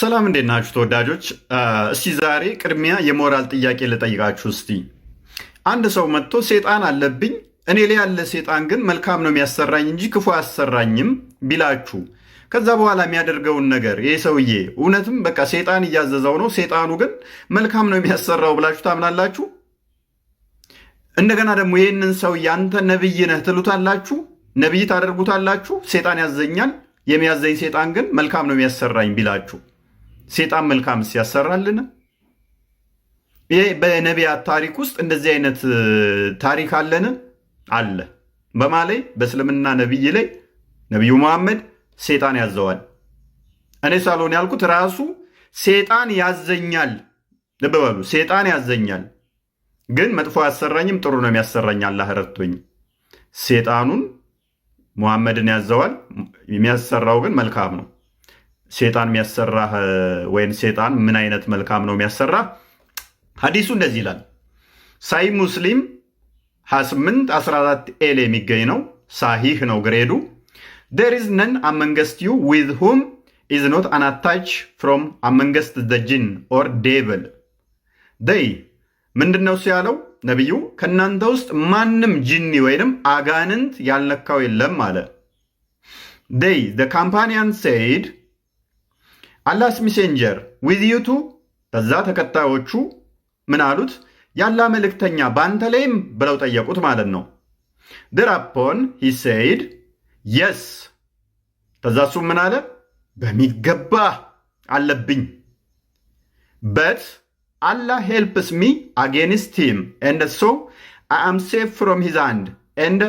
ሰላም እንዴት ናችሁ ተወዳጆች? እስቲ ዛሬ ቅድሚያ የሞራል ጥያቄ ልጠይቃችሁ። እስቲ አንድ ሰው መጥቶ ሴጣን አለብኝ እኔ ላይ ያለ ሴጣን ግን መልካም ነው የሚያሰራኝ እንጂ ክፉ አያሰራኝም ቢላችሁ ከዛ በኋላ የሚያደርገውን ነገር ይህ ሰውዬ እውነትም በቃ ሴጣን እያዘዘው ነው፣ ሴጣኑ ግን መልካም ነው የሚያሰራው ብላችሁ ታምናላችሁ? እንደገና ደግሞ ይህንን ሰውዬ አንተ ነብይ ነህ ትሉታላችሁ፣ ነብይ ታደርጉታላችሁ፣ ሴጣን ያዘኛል የሚያዘኝ ሴጣን ግን መልካም ነው የሚያሰራኝ ቢላችሁ ሴጣን መልካምስ ያሰራልን? ይሄ በነቢያት ታሪክ ውስጥ እንደዚህ አይነት ታሪክ አለን አለ። በማላይ በእስልምና ነቢይ ላይ ነቢዩ መሐመድ ሴጣን ያዘዋል። እኔ ሳልሆን ያልኩት ራሱ ሴጣን ያዘኛል። ልብ በሉ፣ ሴጣን ያዘኛል፣ ግን መጥፎ አያሰራኝም፣ ጥሩ ነው የሚያሰራኝ አላህ ረቶኝ ሴጣኑን ሙሐመድን ያዘዋል። የሚያሰራው ግን መልካም ነው። ሴጣን የሚያሰራህ ወይም ሴጣን ምን አይነት መልካም ነው የሚያሰራ ሀዲሱ እንደዚህ ይላል። ሳይ ሙስሊም 28 14 ኤል የሚገኝ ነው። ሳሂህ ነው ግሬዱ። ዴር ኢዝ ነን አመንገስት ዩ ዊዝ ሁም ኢዝ ኖት አናታች ፍሮም አመንገስት ዘ ጂን ኦር ዴብል ደይ ምንድን ነው ሲያለው ነቢዩ ከእናንተ ውስጥ ማንም ጅኒ ወይንም አጋንንት ያልነካው የለም አለ። ዴይ ዘ ካምፓኒያን ሴይድ አላስ ሚሴንጀር ዊዝዩቱ በዛ ተከታዮቹ ምን አሉት? ያላ መልእክተኛ በአንተ ላይም ብለው ጠየቁት ማለት ነው። ድራፖን ሂ የስ ከዛ እሱም ምን አለ? በሚገባ አለብኝ በት አላህ helps me against him, and so I am safe from his hand, and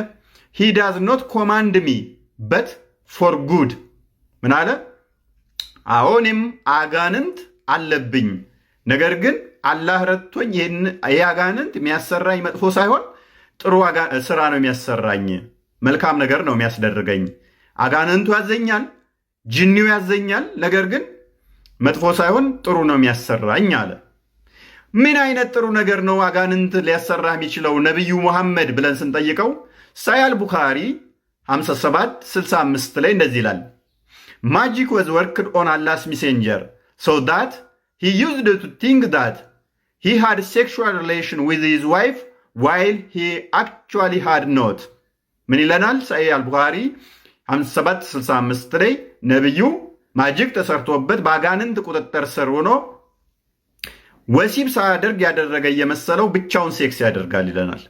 he does not command me, but for good. ምን አለ? አሁንም አጋንንት አለብኝ፣ ነገር ግን አላህ ረቶኝ ይህ አጋንንት የሚያሰራኝ መጥፎ ሳይሆን ጥሩ ስራ ነው የሚያሰራኝ፣ መልካም ነገር ነው የሚያስደርገኝ። አጋንንቱ ያዘኛል፣ ጅኒው ያዘኛል፣ ነገር ግን መጥፎ ሳይሆን ጥሩ ነው የሚያሰራኝ አለ። ምን አይነት ጥሩ ነገር ነው አጋንንት ሊያሰራ የሚችለው ነቢዩ መሐመድ ብለን ስንጠይቀው ሳያል ቡካሪ 57 65 ላይ እንደዚህ ይላል ማጂክ ወዝ ወርክድ ኦን አላስ ሚሴንጀር ሶ ዳት ሂ ዩዝድ ቱ ቲንክ ዳት ሂ ሃድ ሴክሹዋል ሪሌሽን ዊዝ ሂዝ ዋይፍ ዋይል ሂ አክቹዋሊ ሃድ ኖት ምን ይለናል? ሳሂህ አልቡኻሪ 5765 ላይ ነቢዩ ማጅግ ተሰርቶበት በአጋንንት ቁጥጥር ስር ሆኖ ወሲብ ሳያደርግ ያደረገ እየመሰለው ብቻውን ሴክስ ያደርጋል ይለናል።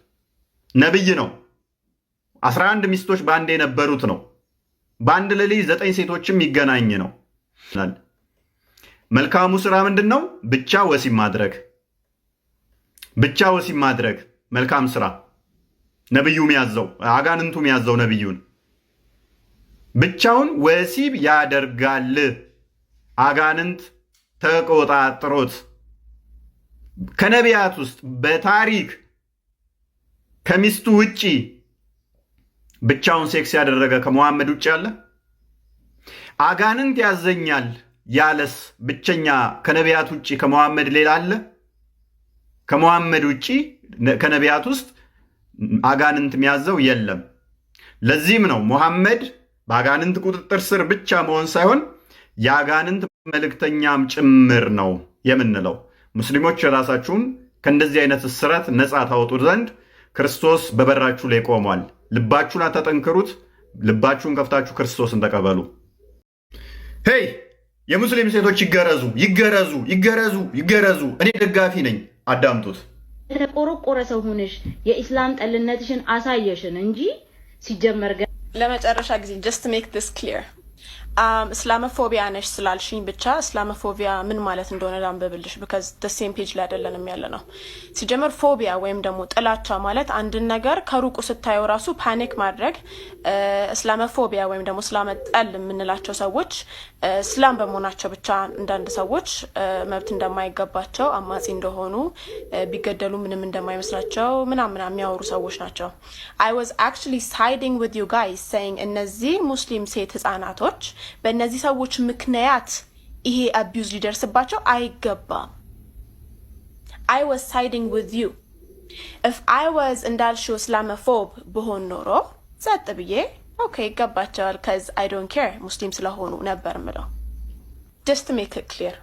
ነብይ ነው። አስራ አንድ ሚስቶች በአንድ የነበሩት ነው። በአንድ ሌሊት ዘጠኝ ሴቶችም ይገናኝ ነው። መልካሙ ስራ ምንድን ነው? ብቻ ወሲብ ማድረግ፣ ብቻ ወሲብ ማድረግ መልካም ስራ ነብዩ ያዘው አጋንንቱ ያዘው ነብዩን ብቻውን ወሲብ ያደርጋል አጋንንት ተቆጣጥሮት ከነቢያት ውስጥ በታሪክ ከሚስቱ ውጪ ብቻውን ሴክስ ያደረገ ከመሐመድ ውጭ ያለ? አጋንንት ያዘኛል ያለስ ብቸኛ ከነቢያት ውጭ ከመሐመድ ሌላ አለ? ከመሐመድ ውጪ ከነቢያት ውስጥ አጋንንት የሚያዘው የለም። ለዚህም ነው መሐመድ በአጋንንት ቁጥጥር ስር ብቻ መሆን ሳይሆን የአጋንንት መልእክተኛም ጭምር ነው የምንለው። ሙስሊሞች የራሳችሁን ከእንደዚህ አይነት እስራት ነፃ ታወጡት ዘንድ ክርስቶስ በበራችሁ ላይ ቆሟል። ልባችሁን አታጠንክሩት። ልባችሁን ከፍታችሁ ክርስቶስን ተቀበሉ። ሄይ የሙስሊም ሴቶች ይገረዙ፣ ይገረዙ፣ ይገረዙ፣ ይገረዙ። እኔ ደጋፊ ነኝ። አዳምጡት። የተቆረቆረ ሰው ሆነሽ የኢስላም ጠልነትሽን አሳየሽን እንጂ ሲጀመር ለመጨረሻ ጊዜ ጀስት ሜክ ዲስ ክሊር Um, እስላመፎቢያ ነሽ ስላልሽኝ ብቻ እስላመፎቢያ ምን ማለት እንደሆነ ላንብብልሽ። ብከዝ ደሴም ፔጅ ላይ አይደለንም ያለ ነው። ሲጀምር ፎቢያ ወይም ደግሞ ጥላቻ ማለት አንድን ነገር ከሩቁ ስታየው ራሱ ፓኒክ ማድረግ። እስላመፎቢያ ወይም ደግሞ ስላመጠል የምንላቸው ሰዎች እስላም በመሆናቸው ብቻ አንዳንድ ሰዎች መብት እንደማይገባቸው አማጺ እንደሆኑ ቢገደሉ ምንም እንደማይመስላቸው ምናምን የሚያወሩ ሰዎች ናቸው። አይ ዋዝ አክቹዋሊ ሳይዲንግ ዊዝ ዩ ጋይስ ሴይንግ እነዚህ ሙስሊም ሴት ህጻናቶች በእነዚህ ሰዎች ምክንያት ይሄ አቢዩዝ ሊደርስባቸው አይገባም። አይ ዋዝ ሳይዲንግ ዊዝ ዩ ኢፍ አይ ዋዝ እንዳልሽው እስላመፎብ ብሆን ኖሮ ጸጥ ብዬ ኦኬ ይገባቸዋል ከዚ አይ ዶንት ኬር ሙስሊም ስለሆኑ ነበር ምለው። ጀስት ሜክ ክሊር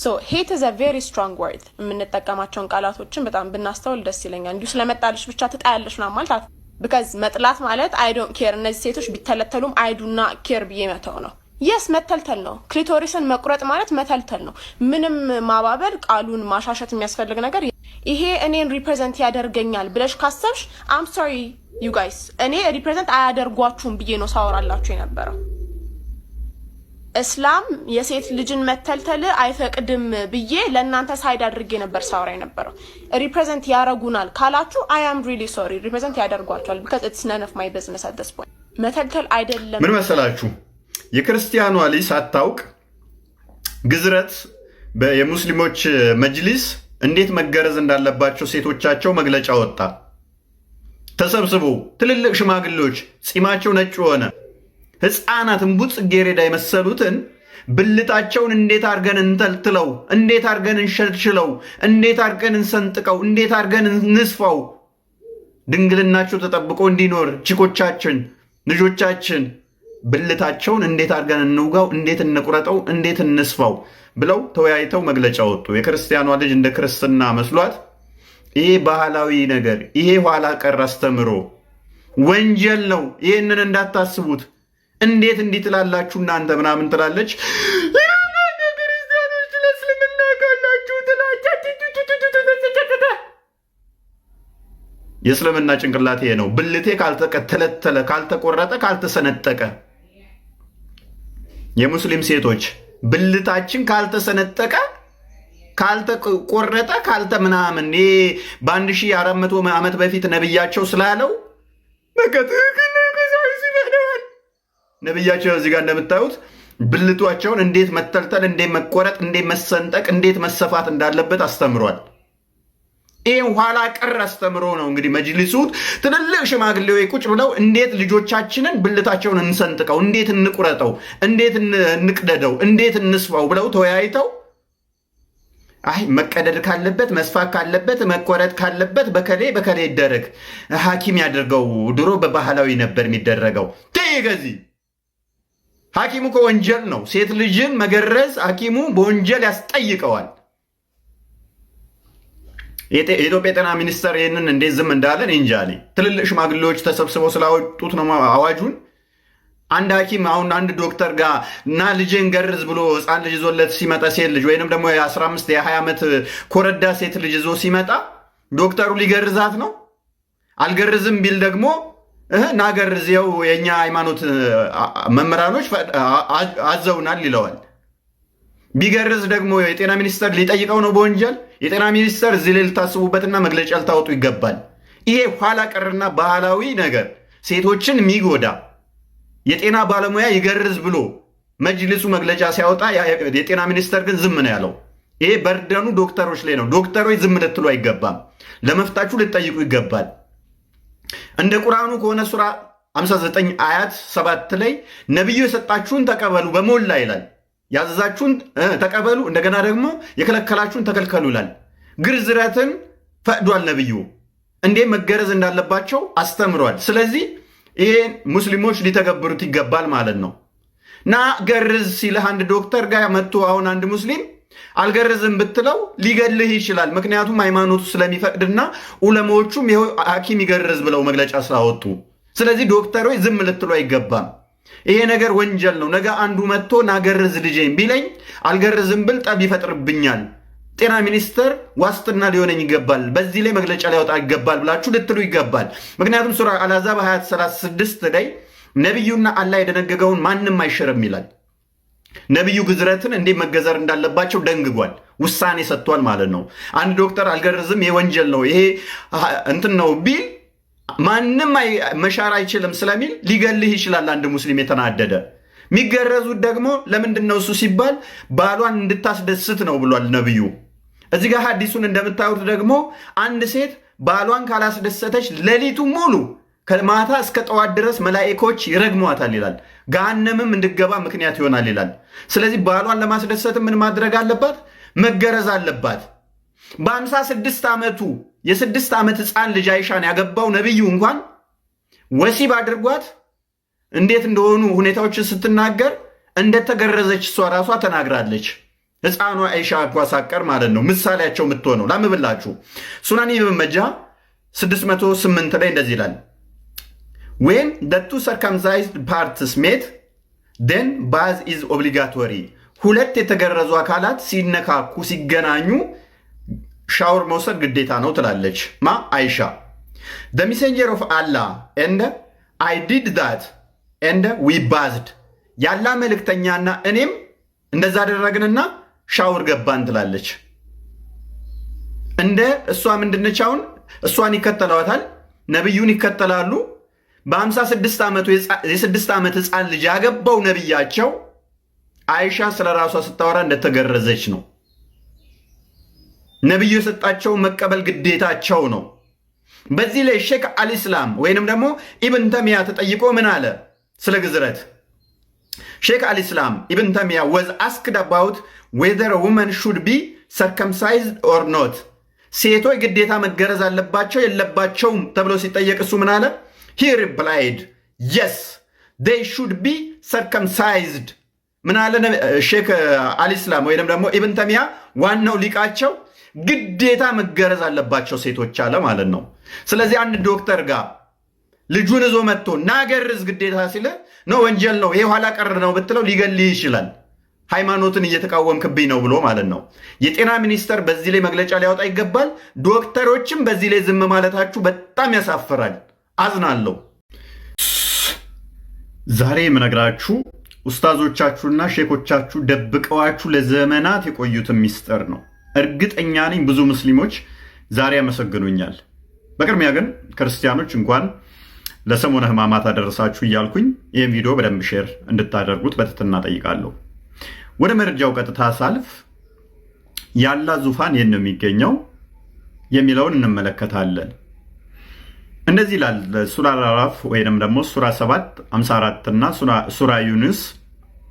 ሶ ሄት ኢዝ አ ቬሪ ስትሮንግ ወርድ። የምንጠቀማቸውን ቃላቶችን በጣም ብናስተውል ደስ ይለኛል። እንዲሁ ስለመጣልሽ ብቻ ትጣያለሽ ምናምን ማለት ቢካዝ መጥላት ማለት አይ ዶንት ኬር እነዚህ ሴቶች ቢተለተሉም አይ ዱ ኬር ብዬ መተው ነው። የስ መተልተል ነው። ክሊቶሪስን መቁረጥ ማለት መተልተል ነው። ምንም ማባበል፣ ቃሉን ማሻሸት የሚያስፈልግ ነገር ይሄ እኔን ሪፕሬዘንት ያደርገኛል ብለሽ ካሰብሽ አም ሶሪ ዩ ጋይስ እኔ ሪፕሬዘንት አያደርጓችሁም ብዬ ነው ሳወራላችሁ የነበረው። እስላም የሴት ልጅን መተልተል አይፈቅድም ብዬ ለእናንተ ሳይድ አድርጌ ነበር ሳውራ የነበረው። ሪፕሬዘንት ያረጉናል ካላችሁ አይ አም ሪሊ ሶሪ፣ ሪፕሬዘንት ያደርጓቸዋል። ቢካዝ ኢትስ ነን ኦፍ ማይ ቢዝነስ አት ፖይንት። መተልተል አይደለም ምን መሰላችሁ፣ የክርስቲያኗ ልጅ ሳታውቅ ግዝረት የሙስሊሞች መጅሊስ እንዴት መገረዝ እንዳለባቸው ሴቶቻቸው መግለጫ ወጣ። ተሰብስቦ ትልልቅ ሽማግሌዎች ጺማቸው ነጭ ሆነ ሕፃናትን ቡት ጽጌሬዳ የመሰሉትን ብልታቸውን እንዴት አድርገን እንተልትለው፣ እንዴት አድርገን እንሸልሽለው፣ እንዴት አድርገን እንሰንጥቀው፣ እንዴት አድርገን እንስፋው። ድንግልናቸው ተጠብቆ እንዲኖር ቺኮቻችን፣ ልጆቻችን ብልታቸውን እንዴት አድርገን እንውጋው፣ እንዴት እንቁረጠው፣ እንዴት እንስፋው ብለው ተወያይተው መግለጫ ወጡ። የክርስቲያኗ ልጅ እንደ ክርስትና መስሏት ይሄ ባህላዊ ነገር፣ ይሄ ኋላ ቀር አስተምሮ ወንጀል ነው፣ ይህንን እንዳታስቡት እንዴት እንዲህ ትላላችሁ እናንተ ምናምን ትላለች። ክርስቲያኖች ለእስልምና ካላችሁ የእስልምና ጭንቅላት ይሄ ነው። ብልቴ ካልተቀተለተለ፣ ካልተቆረጠ፣ ካልተሰነጠቀ የሙስሊም ሴቶች ብልታችን ካልተሰነጠቀ ካልተቆረጠ ካልተ ምናምን በአንድ ሺህ አራት መቶ ዓመት በፊት ነብያቸው ስላለው በቃ ትክክል ነብያቸው እዚህ ጋር እንደምታዩት ብልቷቸውን እንዴት መተልተል፣ እንዴት መቆረጥ፣ እንዴት መሰንጠቅ፣ እንዴት መሰፋት እንዳለበት አስተምሯል። ይህ ኋላ ቀር አስተምሮ ነው እንግዲህ መጅሊሱ ትልልቅ ሽማግሌዎች ቁጭ ብለው እንዴት ልጆቻችንን ብልታቸውን እንሰንጥቀው፣ እንዴት እንቁረጠው፣ እንዴት እንቅደደው፣ እንዴት እንስፋው ብለው ተወያይተው አይ መቀደድ ካለበት መስፋት ካለበት መቆረጥ ካለበት በከሌ በከሌ ይደረግ፣ ሐኪም ያደርገው። ድሮ በባህላዊ ነበር የሚደረገው። ገዚ ሐኪሙ ከወንጀል ነው። ሴት ልጅን መገረዝ ሐኪሙ በወንጀል ያስጠይቀዋል። የኢትዮጵያ የጤና ሚኒስቴር ይህንን እንዴት ዝም እንዳለን እንጃ። ትልልቅ ሽማግሌዎች ተሰብስበው ስላወጡት ነው አዋጁን። አንድ ሐኪም አሁን አንድ ዶክተር ጋር እና ልጅን ገርዝ ብሎ ህፃን ልጅ ይዞለት ሲመጣ ሴት ልጅ ወይንም ደግሞ የ15 የ20 ዓመት ኮረዳ ሴት ልጅ ይዞ ሲመጣ ዶክተሩ ሊገርዛት ነው። አልገርዝም ቢል ደግሞ ናገር እዚው የእኛ ሃይማኖት መምህራኖች አዘውናል ይለዋል። ቢገርዝ ደግሞ የጤና ሚኒስተር ሊጠይቀው ነው በወንጀል። የጤና ሚኒስተር እዚህ ላይ ልታስቡበትና መግለጫ ልታወጡ ይገባል። ይሄ ኋላ ቀርና ባህላዊ ነገር ሴቶችን የሚጎዳ የጤና ባለሙያ ይገርዝ ብሎ መጅልሱ መግለጫ ሲያወጣ የጤና ሚኒስተር ግን ዝም ነው ያለው። ይሄ በርደኑ ዶክተሮች ላይ ነው። ዶክተሮች ዝም ልትሉ አይገባም። ለመፍታችሁ ልጠይቁ ይገባል። እንደ ቁርአኑ ከሆነ ሱራ 59 አያት 7 ላይ ነቢዩ የሰጣችሁን ተቀበሉ በሞላ ይላል። ያዘዛችሁን ተቀበሉ፣ እንደገና ደግሞ የከለከላችሁን ተከልከሉ ይላል። ግርዝረትን ፈቅዷል ነቢዩ እንዴ መገረዝ እንዳለባቸው አስተምሯል። ስለዚህ ይሄ ሙስሊሞች ሊተገብሩት ይገባል ማለት ነው። ና ገርዝ ሲልህ አንድ ዶክተር ጋር መጥቶ አሁን አንድ ሙስሊም አልገርዝም ብትለው ሊገልህ ይችላል። ምክንያቱም ሃይማኖቱ ስለሚፈቅድና ኡለማዎቹም ይኸው ሐኪም ይገርዝ ብለው መግለጫ ስላወጡ፣ ስለዚህ ዶክተሮች ዝም ልትሉ አይገባም። ይሄ ነገር ወንጀል ነው። ነገ አንዱ መጥቶ ናገርዝ ልጄን ቢለኝ አልገርዝም ብል ጠብ ይፈጥርብኛል። ጤና ሚኒስቴር ዋስትና ሊሆነኝ ይገባል፣ በዚህ ላይ መግለጫ ሊያወጣ ይገባል ብላችሁ ልትሉ ይገባል። ምክንያቱም ሱራ አልአሕዛብ 236 ላይ ነቢዩና አላህ የደነገገውን ማንም አይሽርም ይላል። ነቢዩ ግዝረትን እንዴት መገዘር እንዳለባቸው ደንግጓል፣ ውሳኔ ሰጥቷል ማለት ነው። አንድ ዶክተር አልገርዝም ይሄ ወንጀል ነው፣ ይሄ እንትን ነው ቢል ማንም መሻር አይችልም ስለሚል ሊገልህ ይችላል። አንድ ሙስሊም የተናደደ የሚገረዙት ደግሞ ለምንድን ነው እሱ ሲባል ባሏን እንድታስደስት ነው ብሏል ነቢዩ። እዚህ ጋር ሐዲሱን እንደምታዩት ደግሞ አንድ ሴት ባሏን ካላስደሰተች ሌሊቱ ሙሉ ከማታ እስከ ጠዋት ድረስ መላኢኮች ይረግሟታል ይላል። ገሃነምም እንድገባ ምክንያት ይሆናል ይላል። ስለዚህ ባሏን ለማስደሰት ምን ማድረግ አለባት? መገረዝ አለባት። በአምሳ ስድስት ዓመቱ የስድስት ዓመት ህፃን ልጅ አይሻን ያገባው ነቢዩ እንኳን ወሲብ አድርጓት እንዴት እንደሆኑ ሁኔታዎችን ስትናገር እንደተገረዘች እሷ ራሷ ተናግራለች። ህፃኗ አይሻ አጓሳቀር ማለት ነው። ምሳሌያቸው የምትሆነው ላምብላችሁ ሱናኒ ብመጃ 608 ላይ እንደዚህ ይላል። ዌን ደ ቱ ሰርከምዛይዝድ ፓርትስ ሜት ደን ባዝ ኢዝ ኦብሊጋቶሪ። ሁለት የተገረዙ አካላት ሲነካኩ ሲገናኙ ሻወር መውሰድ ግዴታ ነው ትላለች ማ አይሻ። ደ ሚሴንጀር ኦፍ አላ ኤንድ አይ ዲድ ዛት ኤንድ ዊ ባዝድ። ያላ መልእክተኛና እኔም እንደዛ አደረግንና ሻወር ገባን ትላለች። እንደ እሷ ምንድነች? አሁን እሷን ይከተለዋታል? ነቢዩን ይከተላሉ በአምሳ ስድስት ዓመቱ የስድስት ዓመት ህፃን ልጅ ያገባው ነቢያቸው አይሻ ስለ ራሷ ስታወራ እንደተገረዘች ነው። ነቢዩ የሰጣቸው መቀበል ግዴታቸው ነው። በዚህ ላይ ሼክ አልኢስላም ወይንም ደግሞ ኢብን ተሚያ ተጠይቆ ምን አለ ስለ ግዝረት? ሼክ አልኢስላም ኢብን ተሚያ ወዝ አስክድ አባውት ዌዘር ውመን ሹድ ቢ ሰርከምሳይዝድ ኦር ኖት፣ ሴቶች ግዴታ መገረዝ አለባቸው የለባቸውም ተብሎ ሲጠየቅ እሱ ምን አለ ሂ ሪፕላይድ የስ they should be circumcised ምን አለ ሼክ አልኢስላም ወይም ደግሞ ኢብን ተሚያ ዋናው ሊቃቸው ግዴታ መገረዝ አለባቸው ሴቶች አለ ማለት ነው። ስለዚህ አንድ ዶክተር ጋር ልጁን እዞ መጥቶ ናገርዝ ግዴታ ሲል ነው ወንጀል ነው ይህ ኋላ ቀር ነው ብትለው ሊገልህ ይችላል። ሃይማኖትን እየተቃወምክብኝ ነው ብሎ ማለት ነው። የጤና ሚኒስቴር በዚህ ላይ መግለጫ ሊያወጣ ይገባል። ዶክተሮችም በዚህ ላይ ዝም ማለታችሁ በጣም ያሳፍራል። አዝናለሁ። ዛሬ የምነግራችሁ ኡስታዞቻችሁና ሼኮቻችሁ ደብቀዋችሁ ለዘመናት የቆዩትን ሚስጥር ነው። እርግጠኛ ነኝ ብዙ ሙስሊሞች ዛሬ ያመሰግኑኛል። በቅድሚያ ግን ክርስቲያኖች እንኳን ለሰሞነ ሕማማት አደረሳችሁ እያልኩኝ ይህም ቪዲዮ በደንብ ሼር እንድታደርጉት በትትና ጠይቃለሁ። ወደ መረጃው ቀጥታ ሳልፍ ያላ ዙፋን የት ነው የሚገኘው የሚለውን እንመለከታለን። እንደዚህ ይላል ሱራ አላራፍ ወይም ደግሞ ሱራ 7 54 እና ሱራ ዩንስ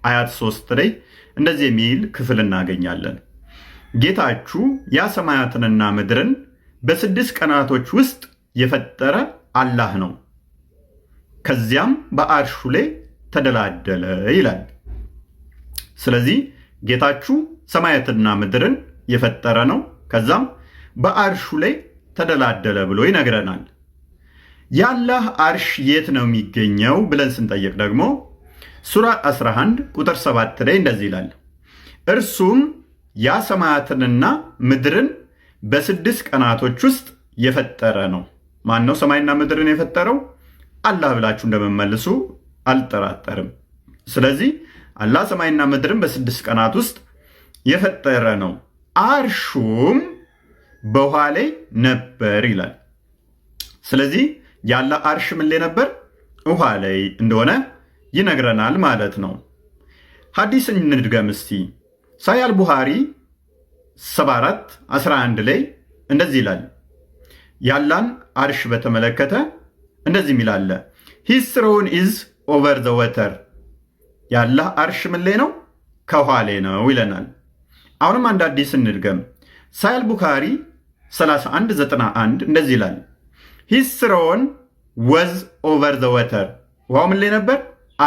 አያት 3 ላይ እንደዚህ የሚል ክፍል እናገኛለን። ጌታችሁ ያ ሰማያትንና ምድርን በስድስት ቀናቶች ውስጥ የፈጠረ አላህ ነው፣ ከዚያም በአርሹ ላይ ተደላደለ ይላል። ስለዚህ ጌታችሁ ሰማያትና ምድርን የፈጠረ ነው፣ ከዛም በአርሹ ላይ ተደላደለ ብሎ ይነግረናል። የአላህ አርሽ የት ነው የሚገኘው ብለን ስንጠይቅ ደግሞ ሱራ 11 ቁጥር 7 ላይ እንደዚህ ይላል፣ እርሱም ያ ሰማያትንና ምድርን በስድስት ቀናቶች ውስጥ የፈጠረ ነው። ማን ነው ሰማይና ምድርን የፈጠረው? አላህ ብላችሁ እንደመመልሱ አልጠራጠርም። ስለዚህ አላህ ሰማይና ምድርን በስድስት ቀናት ውስጥ የፈጠረ ነው፣ አርሹም በውሃ ላይ ነበር ይላል። ስለዚህ ያለ አርሽ ምን ላይ ነበር? ውሃ ላይ እንደሆነ ይነግረናል ማለት ነው። ሐዲስ እንድገም እስቲ። ሳያል ቡሃሪ ቡኻሪ 74 11 ላይ እንደዚህ ይላል። ያላን አርሽ በተመለከተ እንደዚህ ይላል ሂስ ትሮን ኢዝ ኦቨር ዘ ወተር ያላህ አርሽ ምን ላይ ነው? ከውሃ ላይ ነው ይለናል። አሁንም አንድ አዲስ እንድገም። ሳያል አል ቡኻሪ 3191 እንደዚህ ይላል ሂስ ስሮን ወዝ ኦቨር ዘ ወተር ውሃው ምን ላይ ነበር?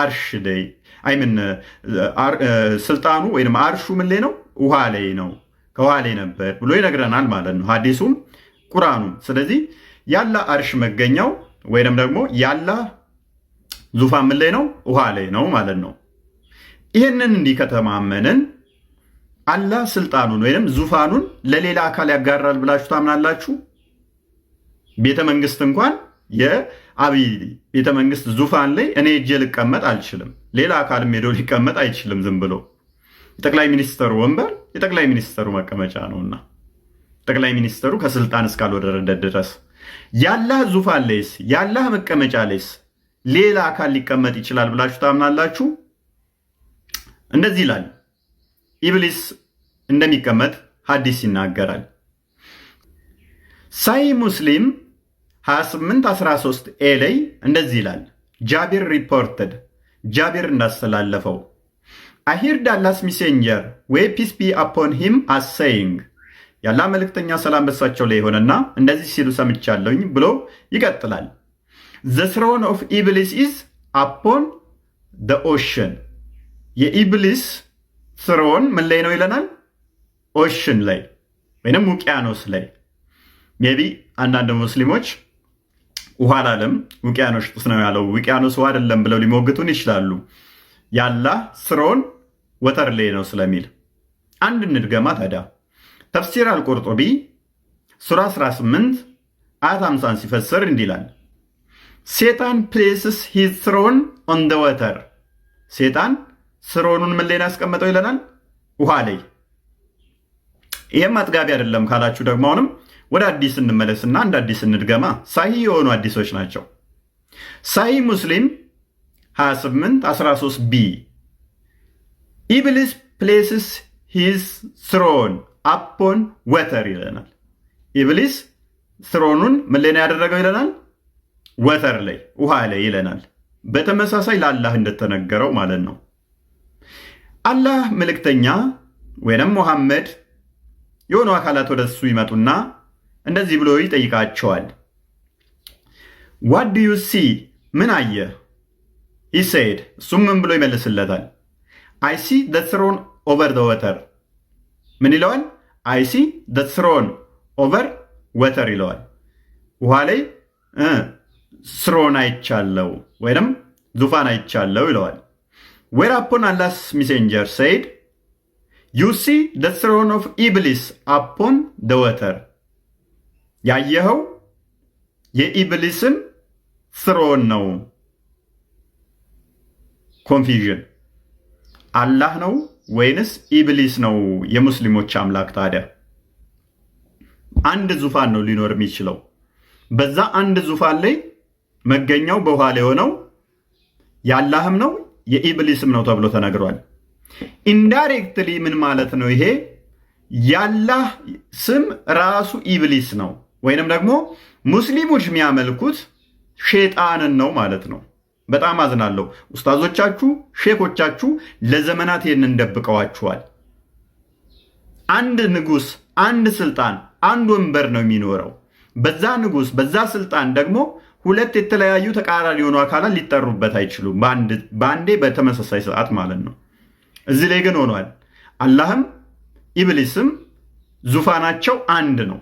አርሽ ላይ አይምን ስልጣኑ ወይም አርሹ ምን ላይ ነው? ውሃ ላይ ነው፣ ከውሃ ላይ ነበር ብሎ ይነግረናል ማለት ነው ሀዲሱም ቁርአኑ። ስለዚህ ያላ አርሽ መገኛው ወይንም ደግሞ ያላ ዙፋን ምን ላይ ነው? ውሃ ላይ ነው ማለት ነው። ይህንን እንዲህ ከተማመንን አላህ ስልጣኑን ወይንም ዙፋኑን ለሌላ አካል ያጋራል ብላችሁ ታምናላችሁ? ቤተ መንግስት እንኳን የአብይ ቤተ መንግስት ዙፋን ላይ እኔ እጄ ልቀመጥ አልችልም። ሌላ አካልም ሄዶ ሊቀመጥ አይችልም። ዝም ብሎ የጠቅላይ ሚኒስተሩ ወንበር የጠቅላይ ሚኒስተሩ መቀመጫ ነውና ጠቅላይ ሚኒስተሩ ከስልጣን እስካልወረደ ድረስ ያላህ ዙፋን ላይስ ያላህ መቀመጫ ላይስ ሌላ አካል ሊቀመጥ ይችላል ብላችሁ ታምናላችሁ? እንደዚህ ይላል ኢብሊስ እንደሚቀመጥ ሀዲስ ይናገራል። ሳይ ሙስሊም 2813 ኤ ላይ እንደዚህ ይላል። ጃቢር ሪፖርትድ ጃቢር እንዳስተላለፈው አሂር ዳላስ ሚሴንጀር ዌይ ፒስ ቢ አፖን ሂም አሰይንግ ያላ መልእክተኛ ሰላም በሳቸው ላይ የሆነና እንደዚህ ሲሉ ሰምቻለሁኝ ብሎ ይቀጥላል። ዘ ስሮን ኦፍ ኢብሊስ ኢዝ አፖን ደ ኦሽን የኢብሊስ ስሮን ምን ላይ ነው ይለናል? ኦሽን ላይ ወይም ውቅያኖስ ላይ ሜቢ አንዳንድ ሙስሊሞች ውሃ አላለም፣ ውቅያኖስ ነው ያለው። ውቅያኖስ ውሃ አይደለም ብለው ሊሞግቱን ይችላሉ። ያላ ስሮን ወተር ላይ ነው ስለሚል አንድ እንድገማ ታዲያ ተፍሲር አልቆርጦቢ ሱራ 18 አያት 50 ሲፈስር እንዲላል ሴጣን ፕሌስስ ሂዝ ስሮን ኦን ደ ወተር ሴጣን ስሮኑን ምን ላይ ያስቀመጠው ይለናል፣ ውሃ ላይ። ይህም አጥጋቢ አይደለም ካላችሁ ደግሞ አሁንም ወደ አዲስ እንመለስና እንደ አዲስ እንድገማ ሳሂ የሆኑ አዲሶች ናቸው። ሳሂ ሙስሊም 28 13 ቢ ኢብሊስ ፕሌስስ ሂዝ ስሮን አፖን ወተር ይለናል። ኢብሊስ ስሮኑን ምን ላይ ነው ያደረገው ይለናል። ወተር ላይ ውሃ ላይ ይለናል። በተመሳሳይ ለአላህ እንደተነገረው ማለት ነው። አላህ መልእክተኛ ወይንም ሙሐመድ የሆኑ አካላት ወደ እሱ ይመጡና እንደዚህ ብሎ ይጠይቃቸዋል። ዋት ዱ ዩ ሲ ምን አየህ? ኢሰይድ እሱም ምን ብሎ ይመልስለታል? አይ ሲ ደ ትሮን ኦቨር ደ ወተር። ምን ይለዋል? አይ ሲ ደ ትሮን ኦቨር ወተር ይለዋል። ውሃ ላይ ስሮን አይቻለው ወይም ዙፋን አይቻለው ይለዋል። ዌር አፖን አላስ ሚሴንጀር ሰይድ ዩ ሲ ደ ትሮን ኦፍ ኢብሊስ አፖን ደ ወተር ያየኸው የኢብሊስን ስሮን ነው። ኮንፊዥን አላህ ነው ወይንስ ኢብሊስ ነው የሙስሊሞች አምላክ? ታዲያ አንድ ዙፋን ነው ሊኖር የሚችለው። በዛ አንድ ዙፋን ላይ መገኛው በኋላ የሆነው የአላህም ነው የኢብሊስም ነው ተብሎ ተነግሯል። ኢንዳይሬክትሊ ምን ማለት ነው? ይሄ ያላህ ስም ራሱ ኢብሊስ ነው። ወይንም ደግሞ ሙስሊሞች የሚያመልኩት ሼጣንን ነው ማለት ነው። በጣም አዝናለሁ። ኡስታዞቻችሁ፣ ሼኮቻችሁ ለዘመናት ይህን እንደብቀዋችኋል። አንድ ንጉስ፣ አንድ ስልጣን፣ አንድ ወንበር ነው የሚኖረው። በዛ ንጉስ፣ በዛ ስልጣን ደግሞ ሁለት የተለያዩ ተቃራኒ የሆኑ አካላት ሊጠሩበት አይችሉም፣ በአንዴ በተመሳሳይ ሰዓት ማለት ነው። እዚህ ላይ ግን ሆኗል። አላህም ኢብሊስም ዙፋናቸው አንድ ነው።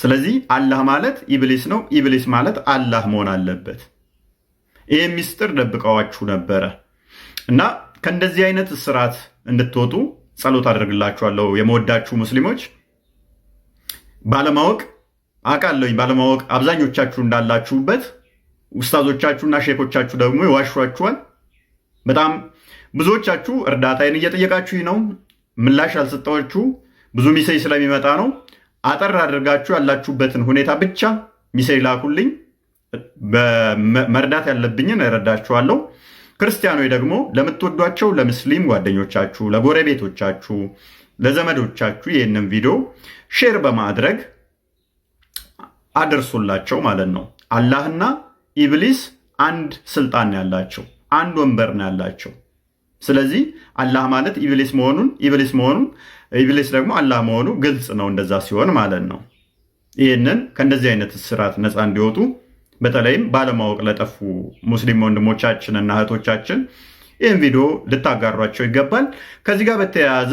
ስለዚህ አላህ ማለት ኢብሊስ ነው። ኢብሊስ ማለት አላህ መሆን አለበት። ይህ ሚስጥር ደብቀዋችሁ ነበረ እና ከእንደዚህ አይነት ስርዓት እንድትወጡ ጸሎት አደርግላችኋለሁ። የመወዳችሁ ሙስሊሞች ባለማወቅ አውቃለሁኝ፣ ባለማወቅ አብዛኞቻችሁ እንዳላችሁበት ውስታዞቻችሁና ሼኮቻችሁ ደግሞ ይዋሿችኋል። በጣም ብዙዎቻችሁ እርዳታዬን እየጠየቃችሁ ነው፣ ምላሽ አልሰጠችሁ ብዙ ሚሰይ ስለሚመጣ ነው። አጠር አድርጋችሁ ያላችሁበትን ሁኔታ ብቻ ሚሴ ላኩልኝ፣ መርዳት ያለብኝን እረዳችኋለሁ። ክርስቲያኖች ደግሞ ለምትወዷቸው ለምስሊም ጓደኞቻችሁ፣ ለጎረቤቶቻችሁ፣ ለዘመዶቻችሁ ይህንን ቪዲዮ ሼር በማድረግ አደርሱላቸው ማለት ነው። አላህና ኢብሊስ አንድ ስልጣን ያላቸው አንድ ወንበር ነው ያላቸው። ስለዚህ አላህ ማለት ኢብሊስ መሆኑን ኢብሊስ መሆኑን ኢብሊስ ደግሞ አላህ መሆኑ ግልጽ ነው እንደዛ ሲሆን ማለት ነው። ይህንን ከእንደዚህ አይነት ስርዓት ነፃ እንዲወጡ በተለይም ባለማወቅ ለጠፉ ሙስሊም ወንድሞቻችን እና እህቶቻችን ይህን ቪዲዮ ልታጋሯቸው ይገባል። ከዚህ ጋር በተያያዘ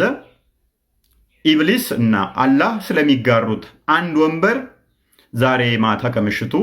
ኢብሊስ እና አላህ ስለሚጋሩት አንድ ወንበር ዛሬ ማታ ከምሽቱ